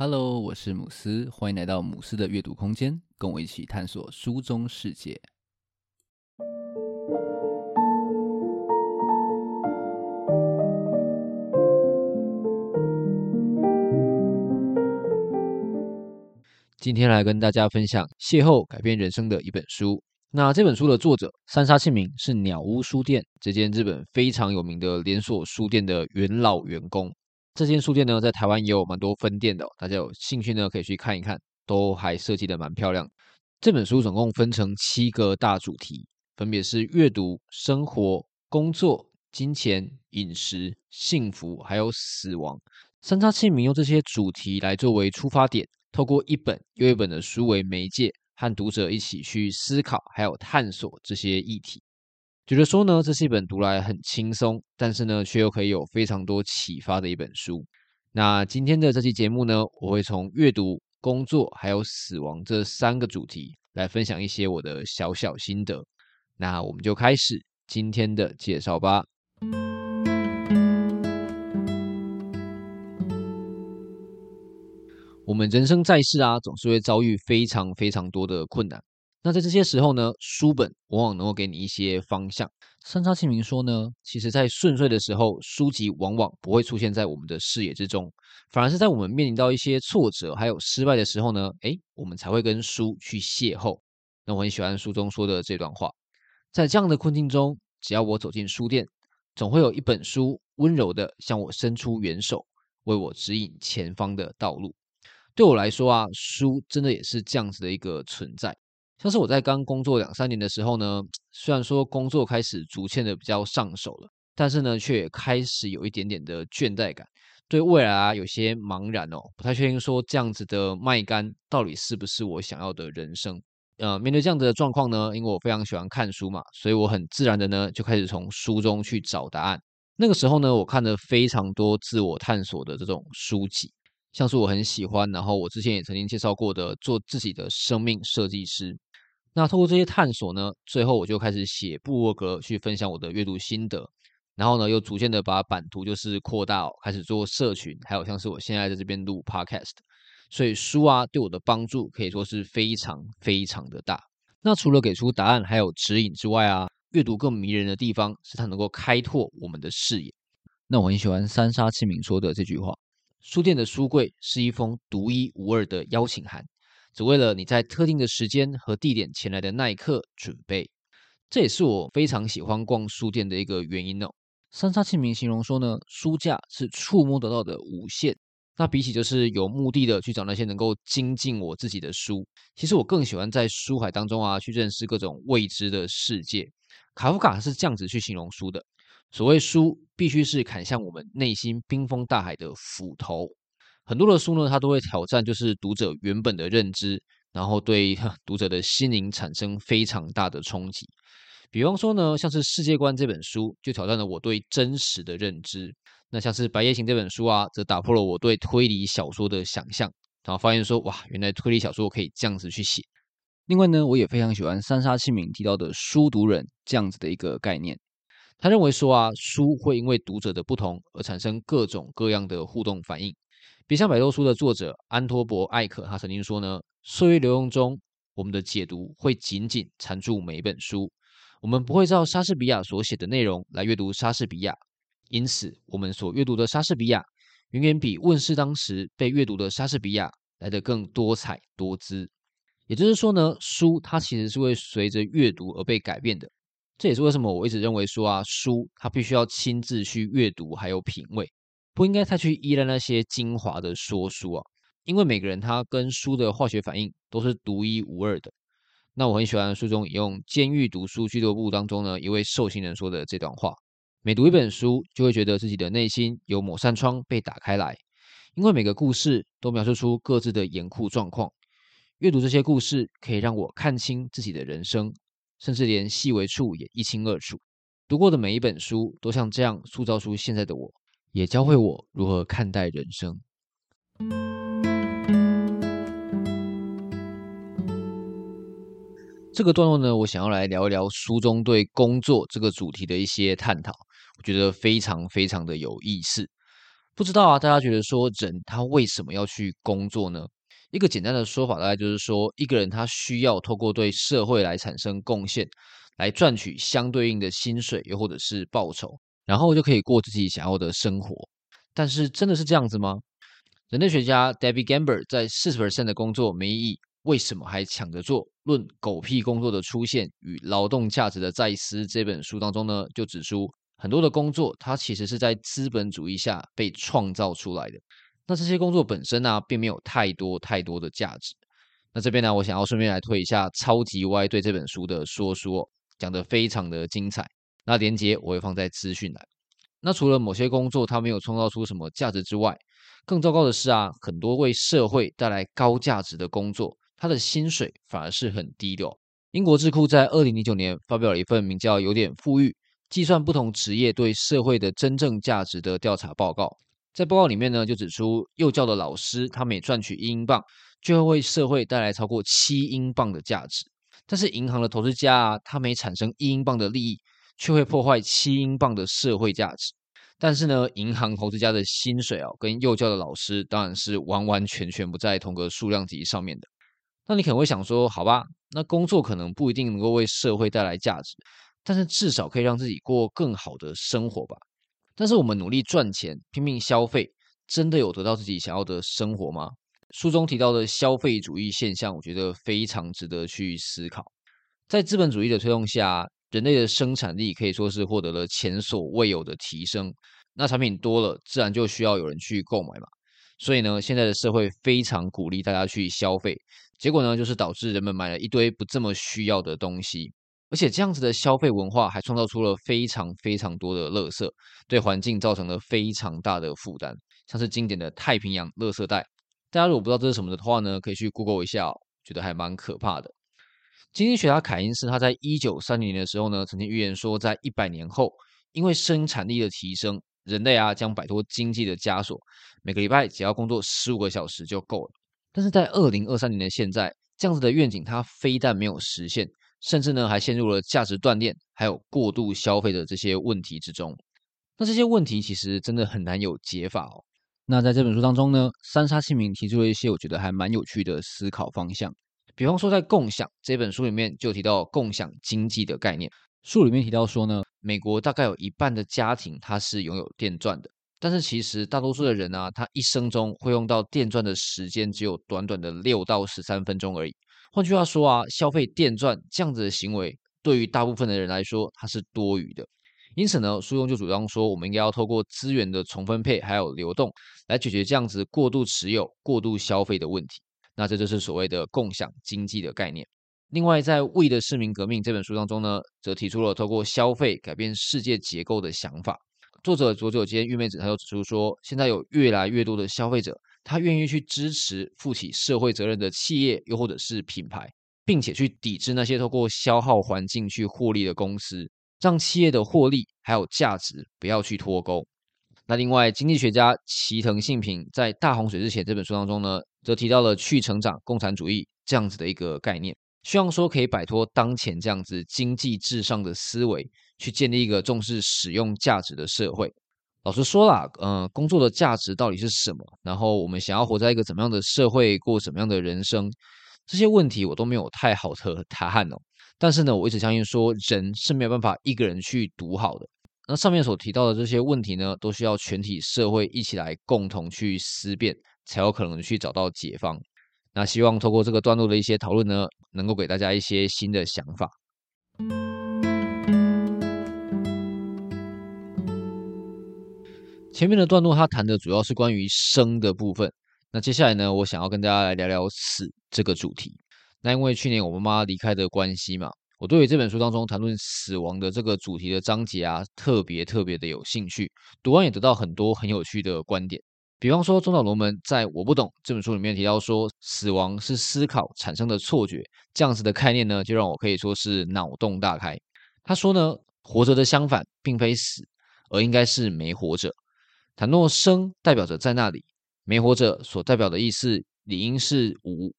Hello，我是姆斯，歡迎來到姆斯的閱讀空間，跟我一起探索書中世界。今天來跟大家分享邂逅改變人生的一本書。那這本書的作者三砂慶明是鳥屋書店，這間日本非常有名的連鎖書店的元老員工。這間書店呢，在台灣也有蠻多分店的哦，大家有興趣呢，可以去看一看，都還設計的蠻漂亮。這本書總共分成七個大主題，分別是閱讀、生活、工作、金錢、飲食、幸福，還有死亡。三砂慶明用這些主題來作為出發點，透過一本又一本的書為媒介，和讀者一起去思考，還有探索這些議題。覺得說呢，這是一本讀來很輕鬆，但是呢，卻又可以有非常多啟發的一本書。那今天的這期節目呢，我會從閱讀、工作還有死亡這三個主題來分享一些我的小小心得。那我們就開始今天的介紹吧。我們人生在世啊，總是會遭遇非常非常多的困難。那在這些時候呢，書本往往能夠給你一些方向。三砂慶明說呢，其實在順遂的時候，書籍往往不會出現在我們的視野之中，反而是在我們面臨到一些挫折還有失敗的時候呢，誒，我們才會跟書去邂逅。那我很喜歡書中說的這段話，在這樣的困境中，只要我走進書店，總會有一本書溫柔的向我伸出援手，為我指引前方的道路。對我來說啊，書真的也是這樣子的一個存在。像是我在剛工作兩三年的時候呢，雖然說工作開始逐漸的比較上手了，但是呢，卻也開始有一點點的倦怠感，對未來啊有些茫然哦，不太確定說這樣子的賣肝到底是不是我想要的人生。呃，面對這樣子的狀況呢，因為我非常喜歡看書嘛，所以我很自然的呢就開始從書中去找答案。那個時候呢，我看了非常多自我探索的這種書籍，像是我很喜歡，然後我之前也曾經介紹過的《做自己的生命設計師》。那透過這些探索呢，最後我就開始寫部落格，去分享我的閱讀心得，然後呢又逐漸的把版圖就是擴大，哦，開始做社群，還有像是我現在在這邊錄 podcast，所以書啊對我的幫助可以說是非常非常的大。那除了給出答案還有指引之外啊，閱讀更迷人的地方是它能夠開拓我們的視野。那我很喜歡三砂慶明說的這句話：書店的書櫃是一封獨一無二的邀請函。只為了你在特定的時間和地點前來的那一刻準備，這也是我非常喜歡逛書店的一個原因呢、哦、三砂慶明形容說呢，書架是觸摸得到的無限。那比起就是有目的的去找那些能夠精進我自己的書，其實我更喜歡在書海當中啊去認識各種未知的世界。卡夫卡是這樣子去形容書的：所謂書，必須是砍向我們內心冰封大海的斧頭。很多的書呢，它都會挑戰就是讀者原本的認知，然後對呵讀者的心靈產生非常大的衝擊。比方說呢，像是《世界觀》這本書就挑戰了我對真實的認知。那像是《白夜行》這本書啊，則打破了我對推理小說的想象，然後發現說哇，原來推理小說可以這樣子去寫。另外呢，我也非常喜歡三砂慶明提到的“書讀人”這樣子的一個概念。他認為說啊，書會因為讀者的不同而產生各種各樣的互動反應。別像《百度書》的作者安托博·艾可，他曾經說呢：“歲月流動中，我們的解讀會緊緊纏住每一本書。我們不會照莎士比亞所寫的內容來閱讀莎士比亞，因此我們所閱讀的莎士比亞，遠遠比問世當時被閱讀的莎士比亞來得更多彩多姿。也就是說呢，書它其實是會隨着閱讀而被改變的。這也是為什麼我一直認為說啊，書它必須要親自去閱讀，還有品味。”不應該太去依賴那些精華的說書啊，因為每個人他跟書的化學反應都是獨一無二的。那我很喜歡書中引用《監獄讀書俱樂部》當中呢一位受刑人說的這段話：每讀一本書，就會覺得自己的內心有某扇窗被打開來，因為每個故事都描述出各自的嚴酷狀況。閱讀這些故事，可以讓我看清自己的人生，甚至連細微處也一清二楚。讀過的每一本書，都像這樣塑造出現在的我。也教會我如何看待人生。這個段落呢，我想要來聊一聊書中對工作這個主題的一些探討，我覺得非常非常的有意思。不知道啊，大家覺得說人他為什麼要去工作呢？一個簡單的說法，大概就是說，一個人他需要透過對社會來產生貢獻，來賺取相對應的薪水，又或者是報酬。然後就可以過自己想要的生活，但是真的是這樣子嗎？人類學家 David Graeber 在《40%的工作沒意義，為什麼還搶着做？論狗屁工作的出現與勞動價值的再思》這本書當中呢，就指出很多的工作它其實是在資本主義下被創造出來的。那這些工作本身呢、啊，並沒有太多太多的價值。那這邊呢，我想要順便來推一下超級歪對這本書的說說，講得非常的精彩。那連結我會放在資訊欄。那除了某些工作它沒有創造出什麼價值之外，更糟糕的是啊，很多為社會帶來高價值的工作，它的薪水反而是很低的哦。英國智庫在二零零九年發表了一份名叫《有點富裕：計算不同職業對社會的真正價值》的調查報告。在報告裡面呢，就指出幼教的老師他每賺取一英鎊，就會為社會帶來超過七英鎊的價值。但是銀行的投資家啊，他每產生一英鎊的利益。卻會破壞七英鎊的社會價值，但是呢，銀行投資家的薪水啊、哦，跟幼教的老師當然是完完全全不在同個數量級上面的。那你可能會想說，好吧，那工作可能不一定能夠為社會帶來價值，但是至少可以讓自己過更好的生活吧。但是我們努力賺錢，拼命消費，真的有得到自己想要的生活嗎？書中提到的消費主義現象，我覺得非常值得去思考。在資本主義的推動下，人類的生產力可以說是獲得了前所未有的提升，那產品多了，自然就需要有人去購買嘛。所以呢，現在的社會非常鼓勵大家去消費，結果呢，就是導致人們買了一堆不這麼需要的東西，而且這樣子的消費文化還創造出了非常非常多的垃圾，對環境造成了非常大的負擔，像是經典的太平洋垃圾帶。大家如果不知道這是什麼的話呢，可以去 Google 一下哦，覺得還蠻可怕的。經濟學家凱因斯，他在一九三零年的時候呢，曾經預言說，在一百年後，因為生產力的提升，人類啊將擺脫經濟的枷鎖，每個禮拜只要工作十五個小時就夠了。但是在二零二三年的現在，這樣子的願景，它非但沒有實現，甚至呢還陷入了價值斷裂，還有過度消費的這些問題之中。那這些問題其實真的很難有解法哦。那在這本書當中呢，三砂慶明提出了一些我覺得還蠻有趣的思考方向。比方說，在《共享》這本書裡面就提到共享經濟的概念。書裡面提到說呢，美國大概有一半的家庭他是擁有電鑽的，但是其實大多數的人啊，他一生中會用到電鑽的時間只有短短的六到十三分鐘而已。換句話說啊，消費電鑽這樣子的行為，對於大部分的人來說，它是多餘的。因此呢，書中就主張說，我們應該要透過資源的重分配還有流動，來解決這樣子過度持有、過度消費的問題。那這就是所謂的共享經濟的概念。另外，在《We 的市民革命》這本書當中呢，則提出了透過消費改變世界結構的想法。作者佐久間裕美子他又指出說，現在有越來越多的消費者，他願意去支持負起社會責任的企業，又或者是品牌，並且去抵制那些透過消耗環境去獲利的公司，讓企業的獲利還有價值不要去脫鈎。那另外，經濟學家齊藤幸平在《大洪水之前》這本書當中呢，則提到了去成長共產主義這樣子的一個概念，希望說可以擺脫當前這樣子經濟至上的思維，去建立一個重視使用價值的社會。老實說啦，嗯、呃，工作的價值到底是什麼？然後我們想要活在一個怎麼樣的社會，過什麼樣的人生？這些問題我都沒有太好的答案哦。但是呢，我一直相信說人是沒有辦法一個人去獨好的。那上面所提到的這些問題呢，都需要全體社會一起來共同去思辨。才有可能去找到解放。那希望透過這個段落的一些討論呢，能夠給大家一些新的想法。前面的段落他談的主要是關於生的部分。那接下來呢，我想要跟大家來聊聊死這個主題。那因為去年我媽媽離開的關係嘛，我對於這本書當中談論死亡的這個主題的章節啊，特別特別的有興趣。讀完也得到很多很有趣的觀點。比方說，中島羅門在《我不懂》這本書裡面提到說，死亡是思考產生的錯覺，這樣子的概念呢，就讓我可以說是腦洞大開。他說呢，活着的相反並非死，而應該是沒活着。倘若生代表着在那裡，沒活著所代表的意思理應是無。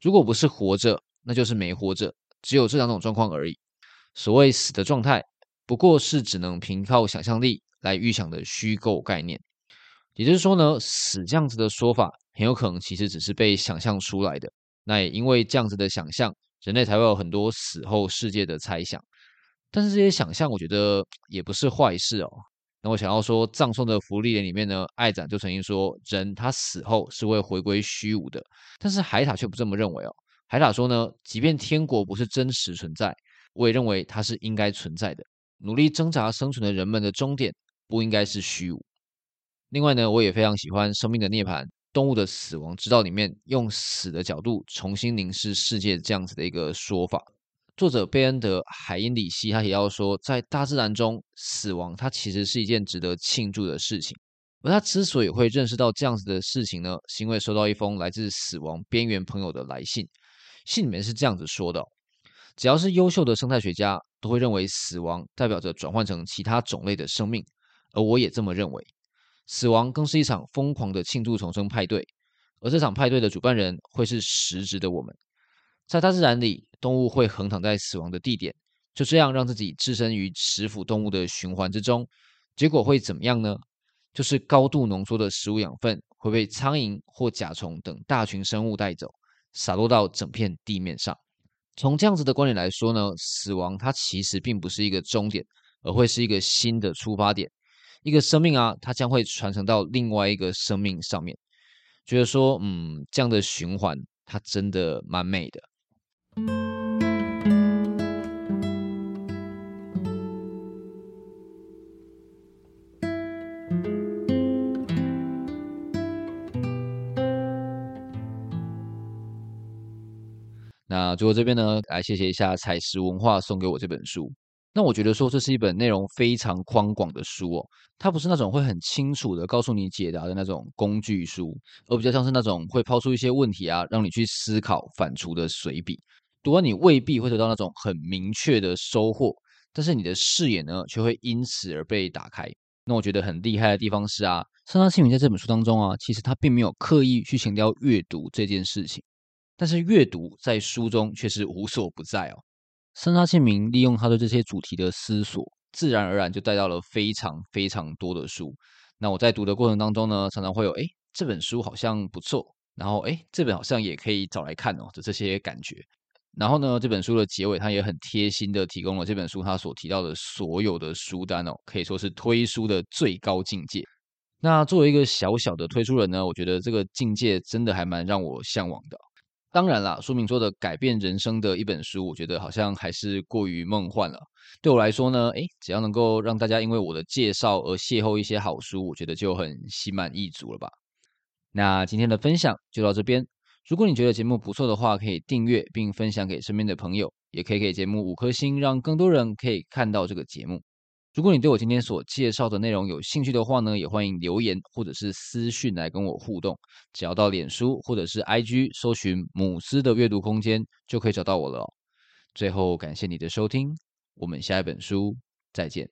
如果不是活着，那就是沒活着，只有這兩種狀況而已。所謂死的狀態，不過是只能憑靠想象力來預想的虛構概念。也就是說呢，死這樣子的說法，很有可能其實只是被想象出來的。那也因為這樣子的想象，人類才會有很多死後世界的猜想。但是這些想象，我覺得也不是壞事哦。那我想要說，葬送的芙莉蓮裡面呢，艾冉就曾經說，人他死後是會回歸虛無的。但是海塔卻不這麼認為哦。海塔說呢，即便天國不是真實存在，我也認為它是應該存在的。努力掙扎生存的人們的終點，不應該是虛無。另外呢，我也非常喜歡《生命的涅槃：動物的死亡之道》裡面用死的角度重新凝視世界這樣子的一個說法。作者貝恩德·海因里希他也要說，在大自然中，死亡它其實是一件值得慶祝的事情。而他之所以會認識到這樣子的事情呢，是因為收到一封來自死亡邊緣朋友的來信。信裡面是這樣子說的哦：“只要是優秀的生態學家，都會認為死亡代表着轉換成其他種類的生命，而我也這麼認為。”死亡更是一場瘋狂的慶祝重生派對，而這場派對的主辦人會是逝世的我們。在大自然裡，動物會橫躺在死亡的地點，就這樣讓自己置身於食腐動物的循環之中。結果會怎麼樣呢？就是高度濃縮的食物養分會被蒼蠅或甲蟲等大群生物帶走，灑落到整片地面上。從這樣子的觀點來說呢，死亡它其實並不是一個終點，而會是一個新的出發點。一個生命啊，它將會傳承到另外一個生命上面，覺得說，嗯，這樣的循環，它真的蠻美的。 那最後這邊呢，來謝謝一下采實文化送給我這本書。那我覺得說，這是一本內容非常寬廣的書哦，它不是那種會很清楚地告訴你解答的那種工具書，而比較像是那種會拋出一些問題啊，讓你去思考反芻的隨筆。讀完你未必會得到那種很明確的收穫，但是你的視野呢，卻會因此而被打開。那我覺得很厲害的地方是啊，三砂慶明在這本書當中啊，其實它並沒有刻意去強調閱讀這件事情，但是閱讀在書中卻是無所不在哦。三砂慶明利用他對這些主題的思索，自然而然就帶到了非常非常多的書。那我在讀的過程當中呢，常常會有哎、欸、這本書好像不錯，然後哎、欸、這本好像也可以找來看哦的這些感覺。然後呢，這本書的結尾他也很貼心的提供了這本書他所提到的所有的書單哦，可以說是推書的最高境界。那作為一個小小的推書人呢，我覺得這個境界真的還蠻讓我向往的。當然啦，書名說的改變人生的一本書，我覺得好像還是過於夢幻了。對我來說呢，誒，只要能夠讓大家因為我的介紹而邂逅一些好書，我覺得就很心滿意足了吧。那今天的分享就到這邊。如果你覺得節目不錯的話，可以訂閱並分享給身邊的朋友，也可以給節目五顆星，讓更多人可以看到這個節目。如果你對我今天所介紹的內容有興趣的話呢，也歡迎留言或者是私訊來跟我互動。只要到臉書或者是 IG 搜尋“姆斯”的閱讀空間，就可以找到我了哦。最後，感謝你的收聽，我們下一本書再見。